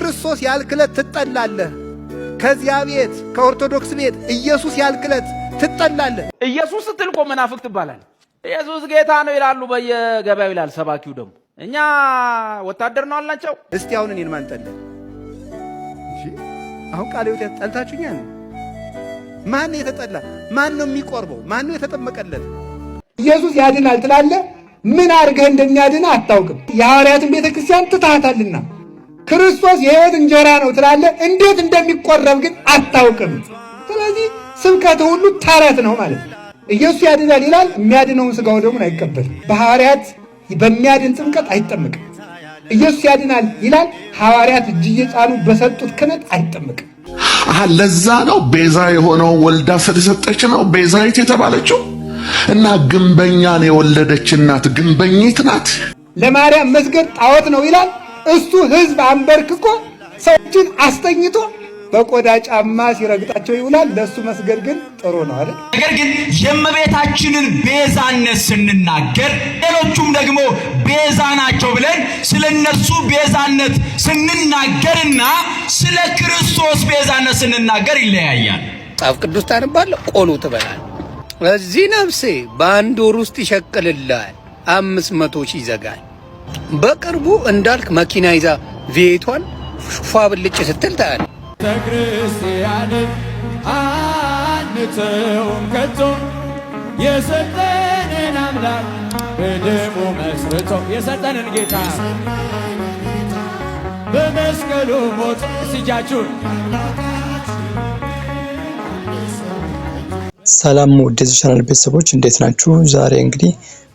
ክርስቶስ ያልክለት ትጠላለህ። ከዚያ ቤት ከኦርቶዶክስ ቤት ኢየሱስ ያልክለት ትጠላለህ። ኢየሱስ ስትል እኮ መናፍቅ ትባላል። ኢየሱስ ጌታ ነው ይላሉ በየገበያው ይላል ሰባኪው ደግሞ እኛ ወታደር ነው አላቸው። እስቲ አሁን እኔን ማን ጠላ? አሁን ቃል ሕይወት ያጠልታችሁኛ ነው። ማን ነው የተጠላ? ማን ነው የሚቆርበው? ማን ነው የተጠመቀለት? ኢየሱስ ያድናል ትላለህ። ምን አድርገህ እንደሚያድን አታውቅም። የሐዋርያትን ቤተክርስቲያን ትታታልና ክርስቶስ የሕይወት እንጀራ ነው ትላለህ፣ እንዴት እንደሚቆረብ ግን አታውቅም። ስለዚህ ስብከት ሁሉ ተረት ነው ማለት ነው። ኢየሱስ ያድናል ይላል፣ የሚያድነውን ስጋው ደግሞ አይቀበልም። በሐዋርያት በሚያድን ጥምቀት አይጠምቅም። ኢየሱስ ያድናል ይላል፣ ሐዋርያት እጅ እየጫኑ በሰጡት ክነት አይጠምቅም። አሃ ለዛ ነው ቤዛ የሆነው ወልዳ ስለሰጠች ነው ቤዛዊት የተባለችው። እና ግንበኛን የወለደች እናት ግንበኝት ናት። ለማርያም መስገድ ጣዖት ነው ይላል እሱ ህዝብ አንበርክኮ ሰዎችን አስተኝቶ በቆዳ ጫማ ሲረግጣቸው ይውላል። ለእሱ መስገድ ግን ጥሩ ነው አይደል? ነገር ግን የእመቤታችንን ቤዛነት ስንናገር ሌሎቹም ደግሞ ቤዛ ናቸው ብለን ስለ እነሱ ቤዛነት ስንናገርና ስለ ክርስቶስ ቤዛነት ስንናገር ይለያያል። መጽሐፍ ቅዱስ ታንባለ ቆሎ ትበላል። እዚህ ነፍሴ በአንድ ወር ውስጥ ይሸቅልላል፣ አምስት መቶ ሺህ ይዘጋል በቅርቡ እንዳልክ መኪና ይዛ ቤቷን ፏ ብልጭ ስትል ታያል። ቤተክርስቲያንን አንተውም ከቶ የሰጠንን አምላክ በደሙ መስርቶ የሰጠንን ጌታ በመስቀሉ ሞት ስጃችሁን ሰላም ወደዚህ ቻናል ቤተሰቦች እንዴት ናችሁ? ዛሬ እንግዲህ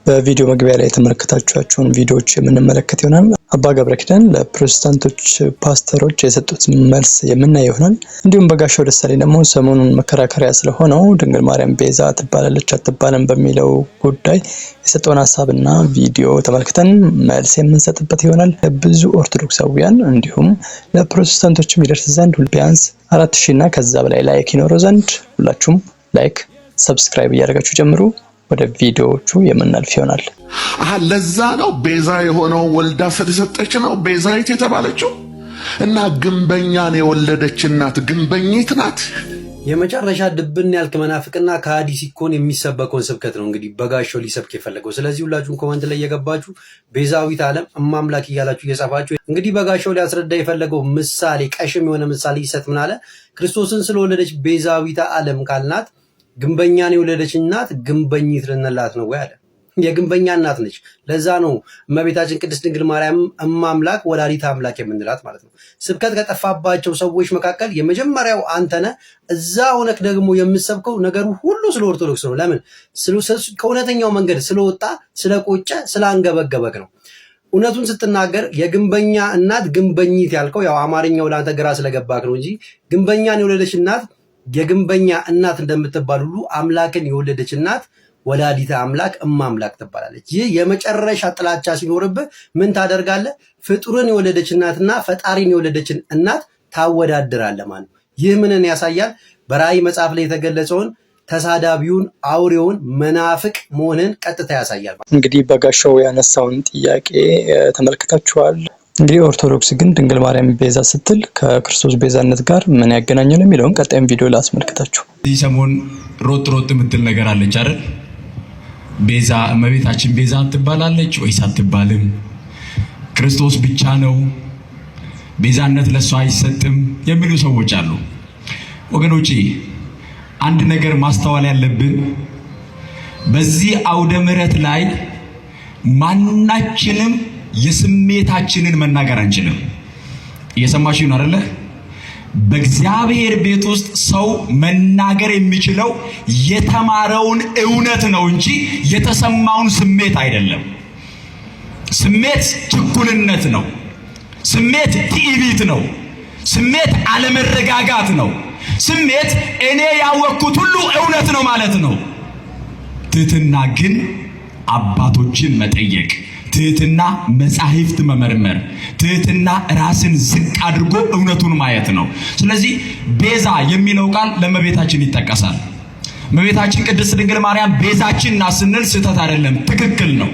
በቪዲዮ መግቢያ ላይ የተመለከታችኋቸውን ቪዲዮዎች የምንመለከት ይሆናል። አባ ገብረ ኪዳን ለፕሮቴስታንቶች ፓስተሮች የሰጡት መልስ የምናይ ይሆናል። እንዲሁም በጋሻው ደሳሌ ደግሞ ሰሞኑን መከራከሪያ ስለሆነው ድንግል ማርያም ቤዛ ትባላለች አትባለም በሚለው ጉዳይ የሰጠውን ሀሳብና ቪዲዮ ተመልክተን መልስ የምንሰጥበት ይሆናል። ብዙ ኦርቶዶክሳውያን እንዲሁም ለፕሮቴስታንቶች የሚደርስ ዘንድ ቢያንስ አራት ሺህ እና ከዛ በላይ ላይክ ይኖረው ዘንድ ሁላችሁም ላይክ ሰብስክራይብ እያደረጋችሁ ጀምሩ። ወደ ቪዲዮዎቹ የምናልፍ ይሆናል። ለዛ ነው ቤዛ የሆነው ወልዳ ስለሰጠች ነው ቤዛዊት የተባለችው። እና ግንበኛን የወለደች እናት ግንበኝት ናት። የመጨረሻ ድብን ያልክ መናፍቅና ከሃዲ ሲኮን የሚሰበከውን ስብከት ነው እንግዲህ በጋሻው ሊሰብክ የፈለገው። ስለዚህ ሁላችሁም ኮመንት ላይ እየገባችሁ ቤዛዊት ዓለም እማምላክ እያላችሁ እየጻፋችሁ እንግዲህ በጋሻው ሊያስረዳ የፈለገው ምሳሌ ቀሽም የሆነ ምሳሌ ይሰጥ ምናለ ክርስቶስን ስለወለደች ቤዛዊት ዓለም ካልናት ግንበኛን የወለደች እናት ግንበኝት ልንላት ነው ወይ አለ። የግንበኛ እናት ነች። ለዛ ነው እመቤታችን ቅድስት ድንግል ማርያም አምላክ ወላዲት አምላክ የምንላት ማለት ነው። ስብከት ከጠፋባቸው ሰዎች መካከል የመጀመሪያው አንተነ እዛ እውነት ደግሞ የምሰብከው ነገሩ ሁሉ ስለ ኦርቶዶክስ ነው። ለምን ከእውነተኛው መንገድ ስለወጣ ስለቆጨ ስላንገበገበክ ነው። እውነቱን ስትናገር የግንበኛ እናት ግንበኝት ያልከው ያው አማርኛው ለአንተ ግራ ስለገባክ ነው እንጂ ግንበኛን የወለደች እናት የግንበኛ እናት እንደምትባል ሁሉ አምላክን የወለደች እናት ወላዲተ አምላክ እማ አምላክ ትባላለች። ይህ የመጨረሻ ጥላቻ ሲኖርብህ ምን ታደርጋለህ? ፍጡርን የወለደች እናትና ፈጣሪን የወለደችን እናት ታወዳድራለህ ማለት ነው። ይህ ምንን ያሳያል? በራእይ መጽሐፍ ላይ የተገለጸውን ተሳዳቢውን አውሬውን መናፍቅ መሆንን ቀጥታ ያሳያል። እንግዲህ በጋሻው ያነሳውን ጥያቄ ተመልክታችኋል። እንግዲህ ኦርቶዶክስ ግን ድንግል ማርያም ቤዛ ስትል ከክርስቶስ ቤዛነት ጋር ምን ያገናኛል የሚለውን ቀጣይም ቪዲዮ ላስመልክታችሁ። እዚህ ሰሞን ሮጥ ሮጥ የምትል ነገር አለች አይደል? ቤዛ እመቤታችን ቤዛ ትባላለች ወይስ አትባልም? ክርስቶስ ብቻ ነው ቤዛነት ለእሷ አይሰጥም የሚሉ ሰዎች አሉ። ወገኖቼ አንድ ነገር ማስተዋል ያለብን በዚህ አውደ ምሕረት ላይ ማናችንም የስሜታችንን መናገር አንችልም። እየሰማችሁ ነው አይደለ? በእግዚአብሔር ቤት ውስጥ ሰው መናገር የሚችለው የተማረውን እውነት ነው እንጂ የተሰማውን ስሜት አይደለም። ስሜት ችኩልነት ነው። ስሜት ትዕቢት ነው። ስሜት አለመረጋጋት ነው። ስሜት እኔ ያወቅኩት ሁሉ እውነት ነው ማለት ነው። ትህትና ግን አባቶችን መጠየቅ ትህትና መጻሕፍት መመርመር፣ ትህትና ራስን ዝቅ አድርጎ እውነቱን ማየት ነው። ስለዚህ ቤዛ የሚለው ቃል ለእመቤታችን ይጠቀሳል። እመቤታችን ቅድስት ድንግል ማርያም ቤዛችን ናት ስንል ስህተት አይደለም፣ ትክክል ነው።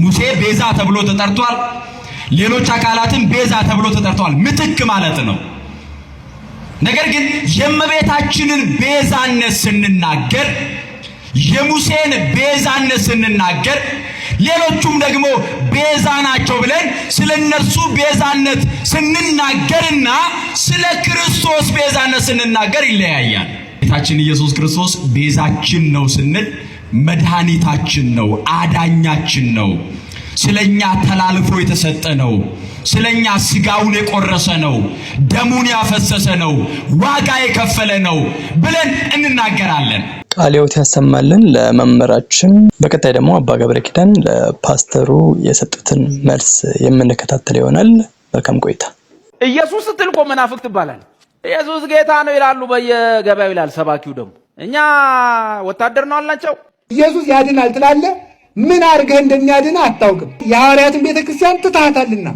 ሙሴ ቤዛ ተብሎ ተጠርቷል። ሌሎች አካላትም ቤዛ ተብሎ ተጠርተዋል፣ ምትክ ማለት ነው። ነገር ግን የእመቤታችንን ቤዛነት ስንናገር የሙሴን ቤዛነት ስንናገር ሌሎቹም ደግሞ ቤዛ ናቸው ብለን ስለ እነርሱ ቤዛነት ስንናገርና ስለ ክርስቶስ ቤዛነት ስንናገር ይለያያል። ጌታችን ኢየሱስ ክርስቶስ ቤዛችን ነው ስንል መድኃኒታችን ነው፣ አዳኛችን ነው፣ ስለኛ ተላልፎ የተሰጠ ነው። ስለኛ ስጋውን የቆረሰ ነው፣ ደሙን ያፈሰሰ ነው፣ ዋጋ የከፈለ ነው ብለን እንናገራለን። ቃለ ሕይወት ያሰማልን ለመምህራችን። በቀጣይ ደግሞ አባ ገብረ ኪዳን ለፓስተሩ የሰጡትን መልስ የምንከታተል ይሆናል። መልካም ቆይታ። ኢየሱስ ስትል እኮ መናፍቅ ትባላል። ኢየሱስ ጌታ ነው ይላሉ፣ በየገበያው ይላል ሰባኪው። ደግሞ እኛ ወታደር ነው አላቸው። ኢየሱስ ያድናል ትላለ፣ ምን አድርገህ እንደሚያድን አታውቅም። የሐዋርያትን ቤተክርስቲያን ትታሃታልና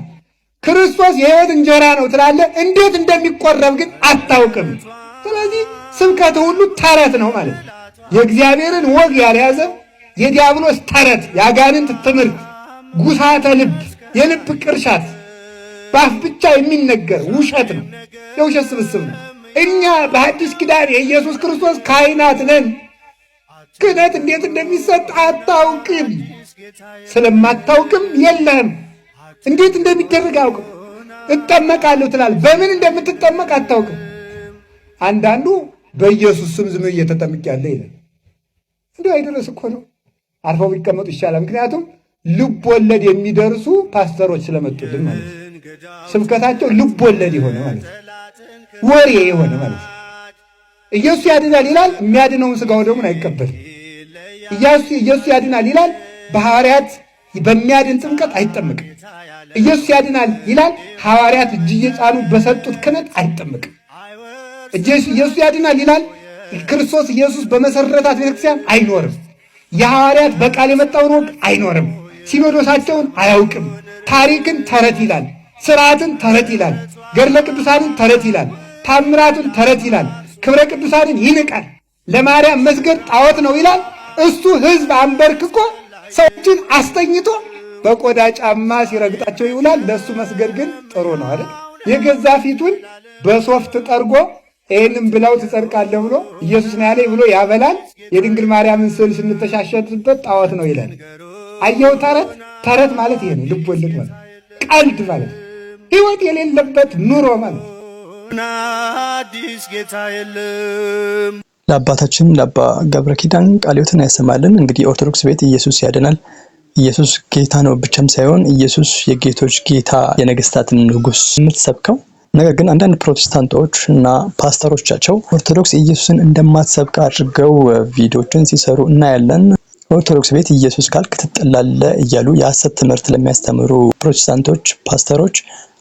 ክርስቶስ የሕይወት እንጀራ ነው ትላለ እንዴት እንደሚቆረብ ግን አታውቅም። ስለዚህ ስብከት ሁሉ ተረት ነው ማለት ነው። የእግዚአብሔርን ወግ ያልያዘ የዲያብሎስ ተረት፣ የአጋንንት ትምህርት፣ ጉሳተ ልብ፣ የልብ ቅርሻት፣ በአፍ ብቻ የሚነገር ውሸት ነው። የውሸት ስብስብ ነው። እኛ በአዲስ ኪዳን የኢየሱስ ክርስቶስ ካህናት ነን። ክህነት እንዴት እንደሚሰጥ አታውቅም። ስለማታውቅም የለህም እንዴት እንደሚደረግ አያውቅም። እጠመቃለሁ ትላል በምን እንደምትጠመቅ አታውቅም። አንዳንዱ በኢየሱስ ስም ዝም ያለ ይላል። እንዲ አይደረስ እኮ ነው። አርፈው ቢቀመጡ ይሻላል። ምክንያቱም ልብ ወለድ የሚደርሱ ፓስተሮች ስለመጡልን ማለት ነው። ስብከታቸው ልብ ወለድ የሆነ ማለት ነው። ወሬ የሆነ ማለት ነው። ኢየሱስ ያድናል ይላል፣ የሚያድነውን ስጋው ደግሞ አይቀበልም። ኢየሱስ ያድናል ይላል፣ በሐዋርያት በሚያድን ጥምቀት አይጠምቅም። ኢየሱስ ያድናል ይላል። ሐዋርያት እጅ እየጫኑ በሰጡት ክህነት አይጠመቅም። ኢየሱስ ያድናል ይላል። ክርስቶስ ኢየሱስ በመሰረታት ቤተክርስቲያን አይኖርም። የሐዋርያት በቃል የመጣውን ወግ አይኖርም። ሲኖዶሳቸውን አያውቅም። ታሪክን ተረት ይላል። ስርዓትን ተረት ይላል። ገድለ ቅዱሳንን ተረት ይላል። ታምራቱን ተረት ይላል። ክብረ ቅዱሳንን ይንቃል። ለማርያም መስገድ ጣዖት ነው ይላል። እሱ ህዝብ አንበርክኮ ሰዎችን አስተኝቶ በቆዳ ጫማ ሲረግጣቸው ይውላል። ለእሱ መስገድ ግን ጥሩ ነው አይደል? የገዛ ፊቱን በሶፍት ጠርጎ ይህንም ብላው ትጸድቃለህ ብሎ ኢየሱስ ነው ያለኝ ብሎ ያበላል። የድንግል ማርያምን ስዕል ስንተሻሸትበት ጣዖት ነው ይላል። አየው ተረት ተረት ማለት ይሄ ነው። ልብ ወለድ ማለት ቀልድ ማለት ህይወት የሌለበት ኑሮ ማለት አዲስ ጌታ የለም። ለአባታችን ለአባ ገብረ ኪዳን ቃልዮትን ያሰማልን። እንግዲህ ኦርቶዶክስ ቤት ኢየሱስ ያድናል። ኢየሱስ ጌታ ነው ብቻም ሳይሆን ኢየሱስ የጌቶች ጌታ የነገስታትን ንጉስ የምትሰብከው ነገር ግን አንዳንድ ፕሮቴስታንቶች እና ፓስተሮቻቸው ኦርቶዶክስ ኢየሱስን እንደማትሰብክ አድርገው ቪዲዮችን ሲሰሩ እናያለን። ኦርቶዶክስ ቤት ኢየሱስ ካልክ ትጠላለህ እያሉ የሐሰት ትምህርት ለሚያስተምሩ ፕሮቴስታንቶች ፓስተሮች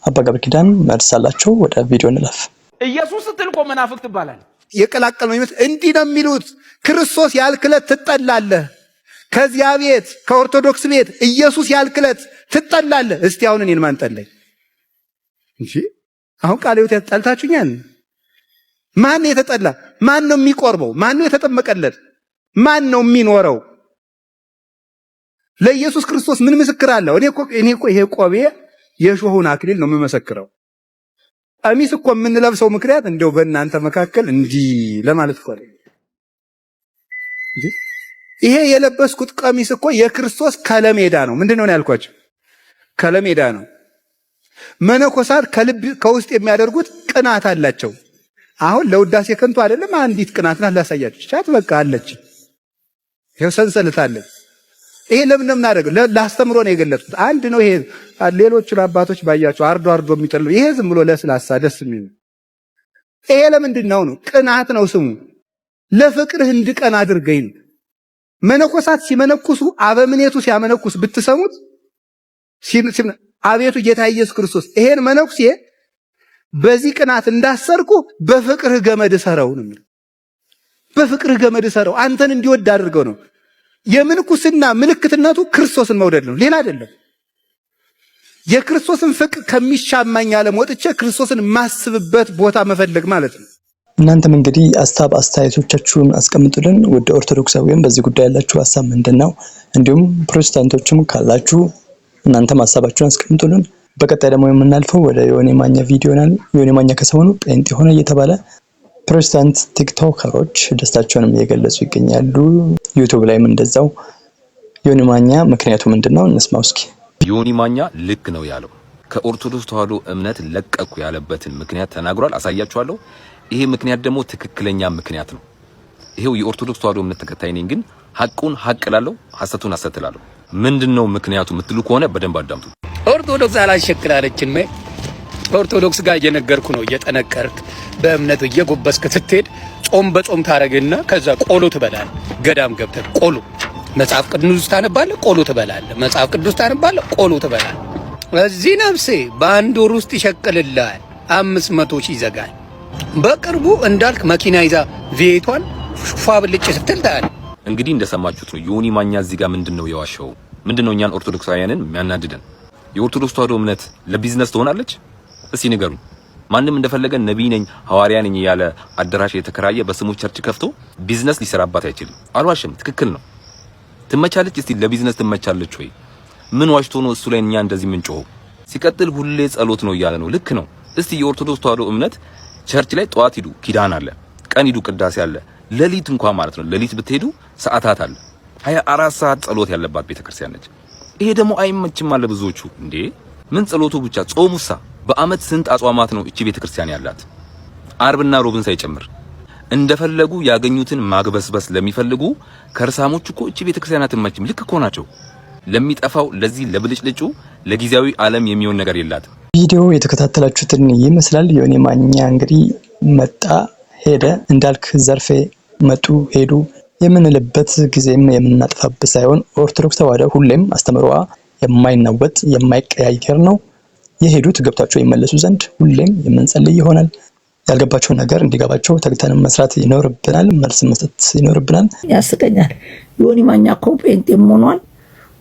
አባ ገብረ ኪዳን መልስ አላቸው። ወደ ቪዲዮ እንለፍ። ኢየሱስ ስትል እኮ መናፍቅ ትባላለህ። የቀላቀል ነው እንዲህ ነው የሚሉት ክርስቶስ ያልክለት ትጠላለህ ከዚያ ቤት ከኦርቶዶክስ ቤት ኢየሱስ ያልክለት ትጠላለ እስቲ አሁን እኔን ማን ጠላኝ? እንጂ አሁን ቃለ ሕይወት ያጣልታችሁኛል። ማን የተጠላ ማን ነው የሚቆርበው? ማን ነው የተጠመቀለት? ማን ነው የሚኖረው? ለኢየሱስ ክርስቶስ ምን ምስክር አለው? እኔ እኮ እኔ እኮ ይሄ ቆቤ የሾሁን አክሊል ነው የምመሰክረው። ቀሚስ እኮ የምንለብሰው ምክንያት እንደው በእናንተ መካከል እንዲህ ለማለት እኮ ይሄ የለበስኩት ቀሚስ እኮ የክርስቶስ ከለሜዳ ነው። ምንድን ነው ያልኳቸው? ከለሜዳ ነው። መነኮሳት ከልብ ከውስጥ የሚያደርጉት ቅናት አላቸው። አሁን ለውዳሴ ከንቱ አይደለም። አንዲት ቅናት ናት። ላሳያችሁ ቻት በቃ አለች። ይሄው ሰንሰለት አለ። ይሄ ለምን ለምን ላስተምሮ ነው የገለጽኩት። አንድ ነው ይሄ። ሌሎቹን አባቶች ባያቸው አርዶ አርዶ የሚጠሉ ይሄ ዝም ብሎ ለስላሳ ደስ የሚል ይሄ ለምንድን ነው ነው? ቅናት ነው ስሙ። ለፍቅርህ እንድቀን አድርገኝ ነው መነኮሳት ሲመነኩሱ አበምኔቱ ሲያመነኩስ ብትሰሙት አቤቱ ጌታ ኢየሱስ ክርስቶስ ይሄን መነኩሴ በዚህ ቅናት እንዳሰርኩ በፍቅርህ ገመድ ሰረው ነው። በፍቅርህ ገመድ ሰረው አንተን እንዲወድ አድርገው ነው። የምንኩስና ምልክትነቱ ክርስቶስን መውደድ ነው፣ ሌላ አይደለም። የክርስቶስን ፍቅር ከሚሻማኝ ዓለም ወጥቼ ክርስቶስን ማስብበት ቦታ መፈለግ ማለት ነው። እናንተም እንግዲህ ሀሳብ አስተያየቶቻችሁን አስቀምጡልን። ወደ ኦርቶዶክሳዊያን በዚህ ጉዳይ ያላችሁ ሀሳብ ምንድን ነው? እንዲሁም ፕሮቴስታንቶችም ካላችሁ እናንተም ሀሳባችሁን አስቀምጡልን። በቀጣይ ደግሞ የምናልፈው ወደ ዮኒ ማኛ ቪዲዮ ይሆናል። ዮኒ ማኛ ከሰሞኑ ጴንጤ ሆነ እየተባለ ፕሮቴስታንት ቲክቶከሮች ደስታቸውንም እየገለጹ ይገኛሉ። ዩቱብ ላይም እንደዛው። ዮኒ ማኛ ምክንያቱ ምንድን ነው? እንስማ እስኪ። ዮኒ ማኛ ልክ ነው ያለው ከኦርቶዶክስ ተዋህዶ እምነት ለቀኩ ያለበትን ምክንያት ተናግሯል። አሳያችኋለሁ። ይሄ ምክንያት ደግሞ ትክክለኛ ምክንያት ነው። ይሄው የኦርቶዶክስ ተዋሕዶ እምነት ተከታይ ነኝ፣ ግን ሐቁን ሐቅ እላለሁ፣ ሐሰቱን ሐሰት እላለሁ። ምንድነው ምክንያቱ የምትሉ ከሆነ በደንብ አዳምጡ። ኦርቶዶክስ አላሸክላለችን ኦርቶዶክስ ጋር እየነገርኩ ነው። እየጠነቀርክ በእምነት እየጎበስክ ስትሄድ ጾም በጾም ታረግና ከዛ ቆሎ ትበላል። ገዳም ገብተህ ቆሎ መጽሐፍ ቅዱስ ታነባለህ፣ ቆሎ ትበላለህ። መጽሐፍ ቅዱስ ታነባለህ፣ ቆሎ ትበላለህ። እዚህ ነፍሴ በአንድ ወር ውስጥ ይሸቅልልሃል፣ አምስት መቶ ሺህ ይዘጋል። በቅርቡ እንዳልክ መኪና ይዛ ቤቷን ሹፋ ብልጭ ስትል ታያል። እንግዲህ እንደሰማችሁት ነው ዮኒ ማኛ እዚህ ጋር ምንድን ነው የዋሸው? ምንድን ነው እኛን ኦርቶዶክሳውያንን የሚያናድደን? የኦርቶዶክስ ተዋህዶ እምነት ለቢዝነስ ትሆናለች? እስቲ ንገሩ። ማንም እንደፈለገ ነቢይ ነኝ ሐዋርያ ነኝ እያለ አዳራሽ የተከራየ በስሙ ቸርች ከፍቶ ቢዝነስ ሊሰራባት አይችልም። አልዋሽም፣ ትክክል ነው። ትመቻለች። እስቲ ለቢዝነስ ትመቻለች ወይ? ምን ዋሽቶ ነው እሱ ላይ እኛ እንደዚህ ምንጮሆ ሲቀጥል ሁሌ ጸሎት ነው እያለ ነው። ልክ ነው። እስቲ የኦርቶዶክስ ተዋህዶ እምነት ቸርች ላይ ጠዋት ሂዱ፣ ኪዳን አለ። ቀን ሂዱ፣ ቅዳሴ አለ። ሌሊት እንኳን ማለት ነው ሌሊት ብትሄዱ ሰዓታት አለ። 24 ሰዓት ጸሎት ያለባት ቤተክርስቲያን ነች። ይሄ ደግሞ አይመችም አለ ብዙዎቹ። እንዴ ምን ጸሎቱ ብቻ ጾሙሳ? በአመት ስንት አጽዋማት ነው እቺ ቤተክርስቲያን ያላት? አርብና ሮብን ሳይጨምር እንደፈለጉ ያገኙትን ማግበስበስ ለሚፈልጉ ከርሳሞች እኮ እቺ ቤተክርስቲያን አትመችም። ልክ እኮ ናቸው። ለሚጠፋው ለዚህ ለብልጭልጩ ለጊዜያዊ ዓለም የሚሆን ነገር የላትም። ቪዲዮ የተከታተላችሁትን ይመስላል። የሆነ ማኛ እንግዲህ መጣ ሄደ እንዳልክ ዘርፌ መጡ ሄዱ የምንልበት ጊዜም የምናጠፋበት ሳይሆን ኦርቶዶክስ ተዋሕዶ ሁሌም አስተምሮዋ የማይናወጥ የማይቀያየር ነው። የሄዱት ገብታቸው ይመለሱ ዘንድ ሁሌም የምንጸልይ ይሆናል። ያልገባቸው ነገር እንዲገባቸው ተግተን መስራት ይኖርብናል። መልስ መስጠት ይኖርብናል። ያስቀኛል። ዮኒ ማኛ እኮ ጴንጤም ሆኗል፣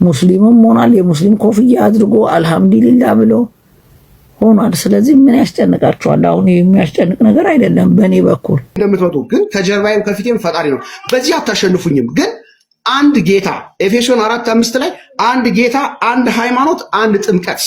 ሙስሊምም ሆኗል። የሙስሊም ኮፍያ አድርጎ አልሐምዱሊላ ብሎ ሆኗል። ስለዚህ ምን ያስጨንቃቸዋል? አሁን የሚያስጨንቅ ነገር አይደለም። በእኔ በኩል እንደምትመጡ ግን ከጀርባዬም ከፊቴም ፈጣሪ ነው። በዚህ አታሸንፉኝም። ግን አንድ ጌታ ኤፌሶን አራት አምስት ላይ አንድ ጌታ፣ አንድ ሃይማኖት፣ አንድ ጥምቀት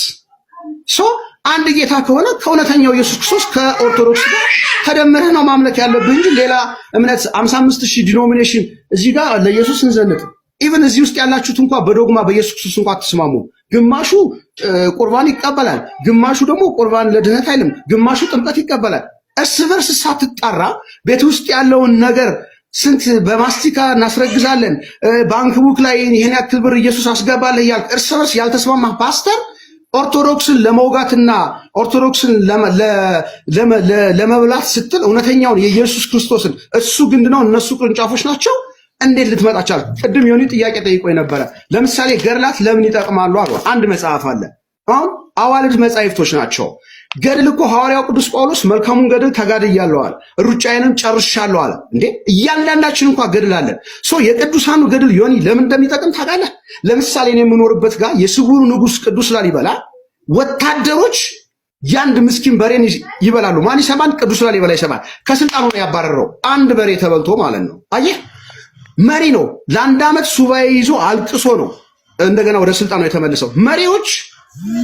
ሶ አንድ ጌታ ከሆነ ከእውነተኛው ኢየሱስ ክርስቶስ ከኦርቶዶክስ ጋር ተደምረህ ነው ማምለክ ያለብህ እንጂ ሌላ እምነት 55 ሺህ ዲኖሚኔሽን እዚህ ጋር ለኢየሱስ እንዘንጥ ኢቨን እዚህ ውስጥ ያላችሁት እንኳ በዶግማ በኢየሱስ ክርስቶስ እንኳ አትስማሙ። ግማሹ ቁርባን ይቀበላል፣ ግማሹ ደግሞ ቁርባን ለድህነት አይልም፣ ግማሹ ጥምቀት ይቀበላል። እርስ በርስ ሳትጣራ ቤት ውስጥ ያለውን ነገር ስንት በማስቲካ እናስረግዛለን፣ ባንክ ቡክ ላይ ይህን ያክል ብር ኢየሱስ አስገባለህ እያልክ እርስ በርስ ያልተስማማ ፓስተር ኦርቶዶክስን ለመውጋትና ኦርቶዶክስን ለመብላት ስትል እውነተኛውን የኢየሱስ ክርስቶስን እሱ ግንድ ነው፣ እነሱ ቅርንጫፎች ናቸው እንዴት ልትመጣ ቻለች? ቅድም የሆኑ ጥያቄ ጠይቆ የነበረ ለምሳሌ ገድላት ለምን ይጠቅማሉ አሉ። አንድ መጽሐፍ አለ። አሁን አዋልድ መጻሕፍቶች ናቸው። ገድል እኮ ሐዋርያው ቅዱስ ጳውሎስ መልካሙን ገድል ተጋድ አለ፣ ሩጫዬንም ጨርሻለሁ አለ። እንዴ እያንዳንዳችን እንኳ ገድል አለን። ሶ የቅዱሳኑ ገድል ዮኒ ለምን እንደሚጠቅም ታውቃለህ? ለምሳሌ እኔ የምኖርበት ጋር የስውሩ ንጉሥ ቅዱስ ላሊበላ ወታደሮች የአንድ ምስኪን በሬን ይበላሉ። ማን ይሰማል? ቅዱስ ላሊበላ ይሰማል። ከስልጣኑ ነው ያባረረው። አንድ በሬ ተበልቶ ማለት ነው። አየህ መሪ ነው። ለአንድ ዓመት ሱባኤ ይዞ አልቅሶ ነው እንደገና ወደ ስልጣን ነው የተመለሰው። መሪዎች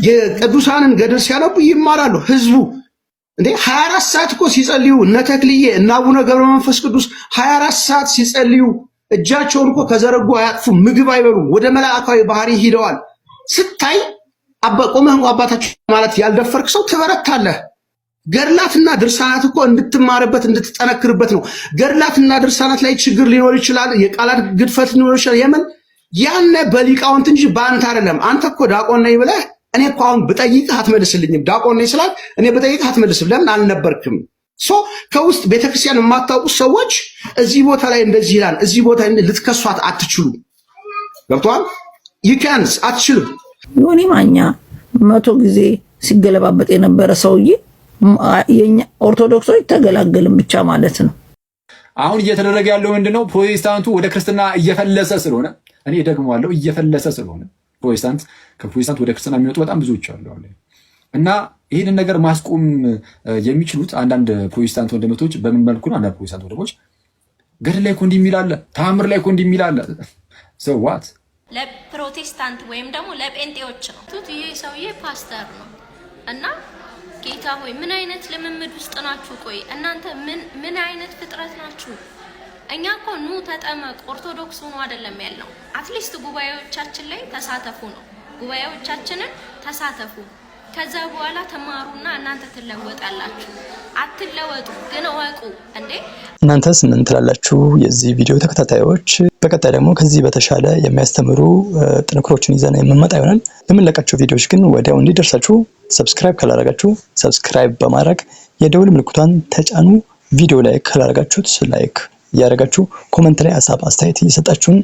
የቅዱሳንን ገድል ሲያነቡ ይማራሉ። ህዝቡ እንዴ 24 ሰዓት እኮ ሲጸልዩ እነ ተክልዬ እና አቡነ ገብረ መንፈስ ቅዱስ 24 ሰዓት ሲጸልዩ እጃቸውን እኮ ከዘረጉ አያጥፉ፣ ምግብ አይበሉም፣ ወደ መላእካዊ ባህሪ ሂደዋል። ስታይ አባ ቆመህ አባታችሁ ማለት ያልደፈርክ ሰው ትበረታለህ። ገድላትና ድርሳናት እኮ እንድትማርበት እንድትጠነክርበት ነው። ገድላትና ድርሳናት ላይ ችግር ሊኖር ይችላል። የቃላት ግድፈት ሊኖር ይችላል። የምን ያነ በሊቃውንት እንጂ በአንተ አይደለም። አንተ እኮ ዳቆን ነኝ ብለህ እኔ እኮ አሁን ብጠይቅህ አትመልስልኝም። ዳቆን ነኝ ስላል እኔ ብጠይቅህ አትመልስም። ለምን አልነበርክም? ሶ ከውስጥ ቤተክርስቲያን የማታውቁ ሰዎች እዚህ ቦታ ላይ እንደዚህ ይላል፣ እዚህ ቦታ ልትከሷት አትችሉ። ገብቷል? ይካንስ አትችሉም። ዮኒ ማኛ መቶ ጊዜ ሲገለባበጥ የነበረ ሰውዬ ኦርቶዶክሶች ተገላገልም ብቻ ማለት ነው። አሁን እየተደረገ ያለው ምንድነው? ፕሮቴስታንቱ ወደ ክርስትና እየፈለሰ ስለሆነ እኔ ደግሞ እየፈለሰ ስለሆነ ፕሮቴስታንት ከፕሮቴስታንት ወደ ክርስትና የሚወጡ በጣም ብዙዎች አሉ እና ይህንን ነገር ማስቆም የሚችሉት አንዳንድ ፕሮቴስታንት ወንድመቶች በምን መልኩ ነው? አንዳንድ ፕሮቴስታንት ወንድሞች ገድል ላይ እኮ እንዲህ የሚል አለ፣ ተአምር ላይ እኮ እንዲህ የሚል አለ። ሰዋት ለፕሮቴስታንት ወይም ደግሞ ለጴንጤዎች ነው ይሄ ሰውዬ ፓስተር ነው እና ጌታ ሆይ ምን አይነት ልምምድ ውስጥ ናችሁ? ቆይ እናንተ ምን ምን አይነት ፍጥረት ናችሁ? እኛ እኮ ኑ ተጠመቅ ኦርቶዶክስ ሆኖ አይደለም ያለው አትሊስት ጉባኤዎቻችን ላይ ተሳተፉ ነው። ጉባኤዎቻችንን ተሳተፉ፣ ከዛ በኋላ ተማሩና እናንተ ትለወጣላችሁ። አትለወጡ፣ ግን እወቁ። እንዴ እናንተስ ምን ትላላችሁ? የዚህ ቪዲዮ ተከታታዮች፣ በቀጣይ ደግሞ ከዚህ በተሻለ የሚያስተምሩ ጥንክሮችን ይዘን የምንመጣ ይሆናል። የምንለቃቸው ቪዲዮዎች ግን ወዲያው እንዲደርሳችሁ ሰብስክራይብ ካላረጋችሁ ሰብስክራይብ በማድረግ የደውል ምልክቷን ተጫኑ። ቪዲዮ ላይ ካላረጋችሁት ላይክ እያደረጋችሁ ኮመንት ላይ ሀሳብ አስተያየት እየሰጣችሁን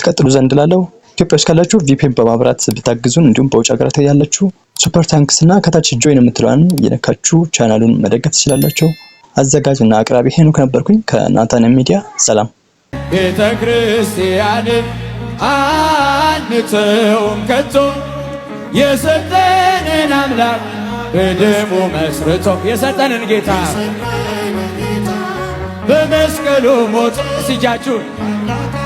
ትቀጥሉ ዘንድ ላለው ኢትዮጵያ ውስጥ ካላችሁ ቪፒን በማብራት ብታግዙን እንዲሁም በውጭ ሀገራት ያላችሁ ሱፐር ታንክስ እና ከታች ጆይን የምትለዋን የነካችሁ ቻናሉን መደገፍ ትችላላችሁ። አዘጋጅና አቅራቢ ሄኖክ ነበርኩኝ ከናታን ሚዲያ። ሰላም። ቤተ ክርስቲያንን አንተውም ከቶ የሰጠንን አምላክ በደሙ መስርቶ የሰጠንን ጌታ በመስቀሉ ሞት ሲጃችሁን